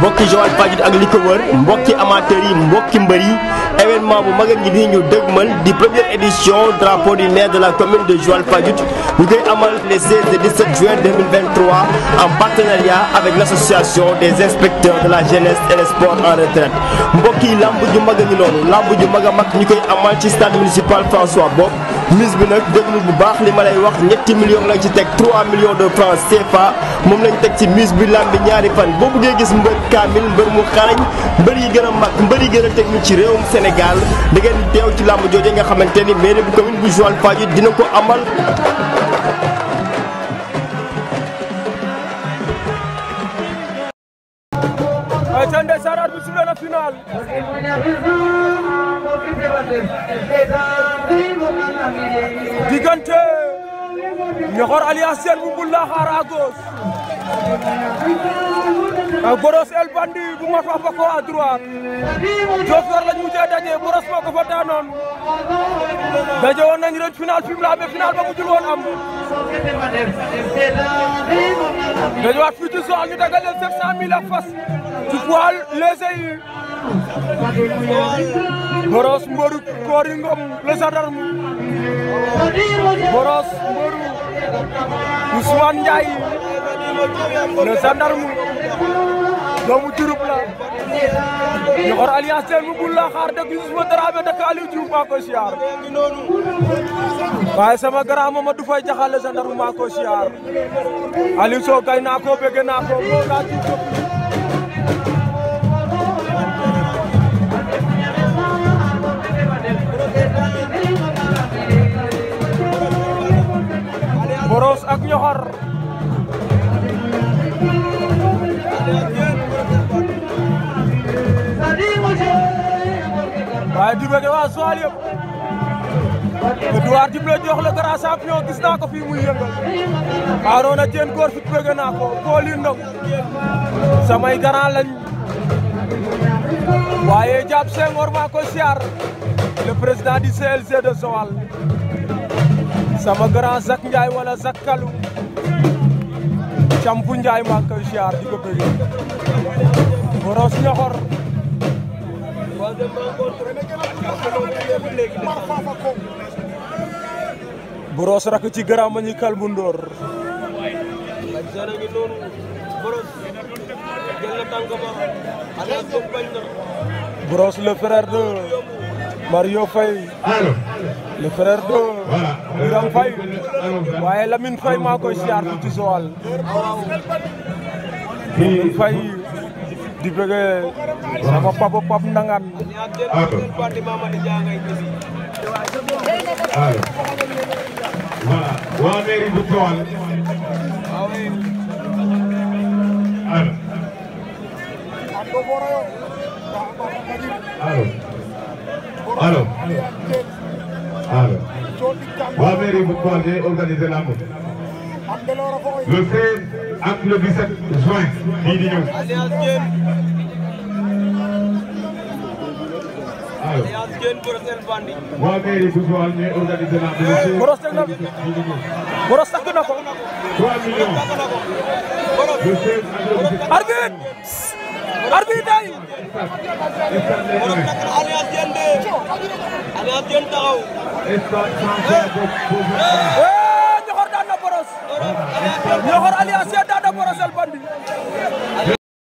mbokki Joal Fajut ak Mboki Amateri, wër mbokki yi mbokki événement bu mag ni ñu deugmal di première édition drapeau du maire de la commune de Joal Fajut ñu koy amal les 16 et 17 juin 2023 en partenariat avec l'association des inspecteurs de la jeunesse et des sports en retraite mbokki yi lamb ju Magamak a ngi ju maga mak amal ci stade municipal François Bob mise bi nak déglu bu baax li wax millions lañ 3 millions de francs CFA moom lañ teg ci mise bi làmb ñaari fan boo buggee gis mbër kaamil mbër mu xarañ mbër yi gën mag mbër yi gën a technique ci réew Sénégal da ci làmb jooje nga xamante ni mairie bu commune bu Joal-Fadiouth dina ko amal Ñoxor alias Sène bu Mbul Laxaar à gauche El Bandit bu Mat Fapako à droite Diofior lañ mujjee daje Brosse moo ko fa daanoon daje woon nañ ren final fi mu la amee final ba mujjul woon am daje waat fii ci Joal ñu dagal leen 700000 ak fas ci poil les yi Brosse Mboru Koori Ngom le gendarme Brosse Ousmane Ndiaye le gendarme doomu Diouroup la ñoxor alliance teen mu bul la xaar dëgg Youssoupha Dramé dëkk Aliou Diouf maa siyaar waaye sama grand Mamadou jaxale gendarme maa koy siyaar Aliou kay naa ko bëgg naa ko waaye Diourbel waa Joal yëpp Edouard Djible jox le grand champion gis naa ko fii muy yëngal Arona Diène góor fit bëgg naa ko Poli Ndong samay grand lañ waaye sama grand Zak Ndiaye wala Zak Kalou Campu Ndiaye maa ngi di ko bëgg boros ñoxor Bross rakk ci garaam ba ñu kalbu le frère Mario Faye le frère de Biram waaye Lamine Faye maa koy ci Joal Lamine Faye di sama papa pap halo, halo, halo, halo, halo, halo, halo, halo, halo, halo, halo, halo, halo, halo, halo, halo, le halo, entre le 17 juin et di ñëw. allo. Allez, mairie bu Allez, ñooy organisé Ñoxor Alias Daada Borosel Bandi